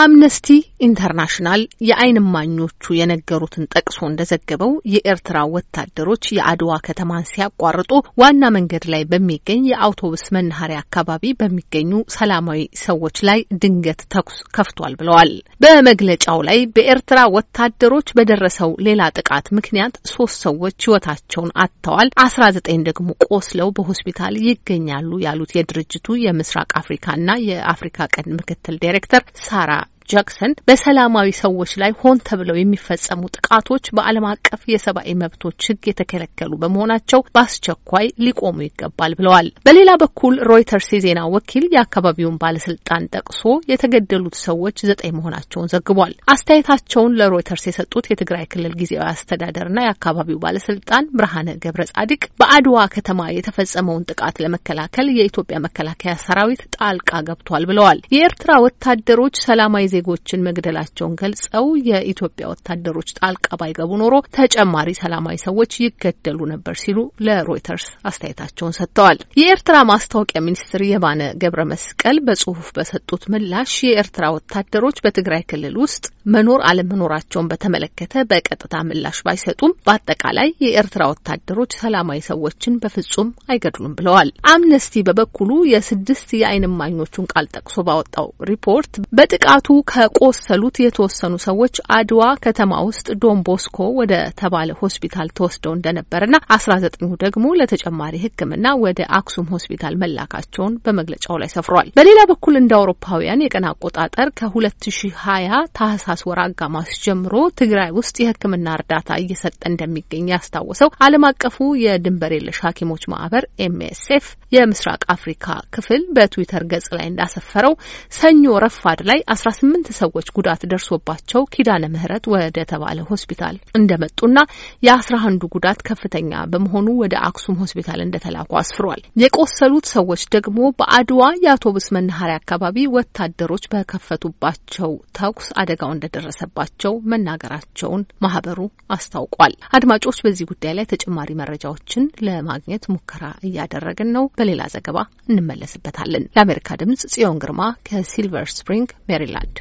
አምነስቲ ኢንተርናሽናል የአይን የነገሩትን ጠቅሶ እንደዘገበው የኤርትራ ወታደሮች የአድዋ ከተማን ሲያቋርጡ ዋና መንገድ ላይ በሚገኝ የአውቶቡስ መናኸሪያ አካባቢ በሚገኙ ሰላማዊ ሰዎች ላይ ድንገት ተኩስ ከፍቷል ብለዋል። በመግለጫው ላይ በኤርትራ ወታደሮች በደረሰው ሌላ ጥቃት ምክንያት ሶስት ሰዎች ሕይወታቸውን አጥተዋል፣ አስራ ዘጠኝ ደግሞ ቆስለው በሆስፒታል ይገኛሉ ያሉት የድርጅቱ የምስራቅ አፍሪካና የአፍሪካ ቀንድ ምክትል ዳይሬክተር ሳራ ጃክሰን በሰላማዊ ሰዎች ላይ ሆን ተብለው የሚፈጸሙ ጥቃቶች በዓለም አቀፍ የሰብአዊ መብቶች ሕግ የተከለከሉ በመሆናቸው በአስቸኳይ ሊቆሙ ይገባል ብለዋል። በሌላ በኩል ሮይተርስ የዜና ወኪል የአካባቢውን ባለስልጣን ጠቅሶ የተገደሉት ሰዎች ዘጠኝ መሆናቸውን ዘግቧል። አስተያየታቸውን ለሮይተርስ የሰጡት የትግራይ ክልል ጊዜያዊ አስተዳደርና የአካባቢው ባለስልጣን ብርሃነ ገብረ ጻድቅ በአድዋ ከተማ የተፈጸመውን ጥቃት ለመከላከል የኢትዮጵያ መከላከያ ሰራዊት ጣልቃ ገብቷል ብለዋል። የኤርትራ ወታደሮች ሰላማዊ ዜጎችን መግደላቸውን ገልጸው የኢትዮጵያ ወታደሮች ጣልቃ ባይገቡ ኖሮ ተጨማሪ ሰላማዊ ሰዎች ይገደሉ ነበር ሲሉ ለሮይተርስ አስተያየታቸውን ሰጥተዋል። የኤርትራ ማስታወቂያ ሚኒስትር የማነ ገብረ መስቀል በጽሁፍ በሰጡት ምላሽ የኤርትራ ወታደሮች በትግራይ ክልል ውስጥ መኖር አለመኖራቸውን በተመለከተ በቀጥታ ምላሽ ባይሰጡም በአጠቃላይ የኤርትራ ወታደሮች ሰላማዊ ሰዎችን በፍጹም አይገድሉም ብለዋል። አምነስቲ በበኩሉ የስድስት የአይን እማኞቹን ቃል ጠቅሶ ባወጣው ሪፖርት በጥቃቱ ከቆሰሉት የተወሰኑ ሰዎች አድዋ ከተማ ውስጥ ዶንቦስኮ ወደ ተባለ ሆስፒታል ተወስደው እንደነበረና አስራ ዘጠኙ ደግሞ ለተጨማሪ ሕክምና ወደ አክሱም ሆስፒታል መላካቸውን በመግለጫው ላይ ሰፍሯል። በሌላ በኩል እንደ አውሮፓውያን የቀን አቆጣጠር ከሁለት ሺ ሀያ ታህሳስ ወር አጋማሽ ጀምሮ ትግራይ ውስጥ የሕክምና እርዳታ እየሰጠ እንደሚገኝ ያስታወሰው ዓለም አቀፉ የድንበር የለሽ ሐኪሞች ማህበር ኤምኤስኤፍ የምስራቅ አፍሪካ ክፍል በትዊተር ገጽ ላይ እንዳሰፈረው ሰኞ ረፋድ ላይ ስምንት ስምንት ሰዎች ጉዳት ደርሶባቸው ኪዳነ ምህረት ወደ ተባለ ሆስፒታል እንደመጡና የአስራ አንዱ ጉዳት ከፍተኛ በመሆኑ ወደ አክሱም ሆስፒታል እንደተላኩ አስፍሯል። የቆሰሉት ሰዎች ደግሞ በአድዋ የአውቶቡስ መናኸሪያ አካባቢ ወታደሮች በከፈቱባቸው ተኩስ አደጋው እንደደረሰባቸው መናገራቸውን ማህበሩ አስታውቋል። አድማጮች፣ በዚህ ጉዳይ ላይ ተጨማሪ መረጃዎችን ለማግኘት ሙከራ እያደረግን ነው። በሌላ ዘገባ እንመለስበታለን። ለአሜሪካ ድምጽ ጽዮን ግርማ ከሲልቨር ስፕሪንግ ሜሪላንድ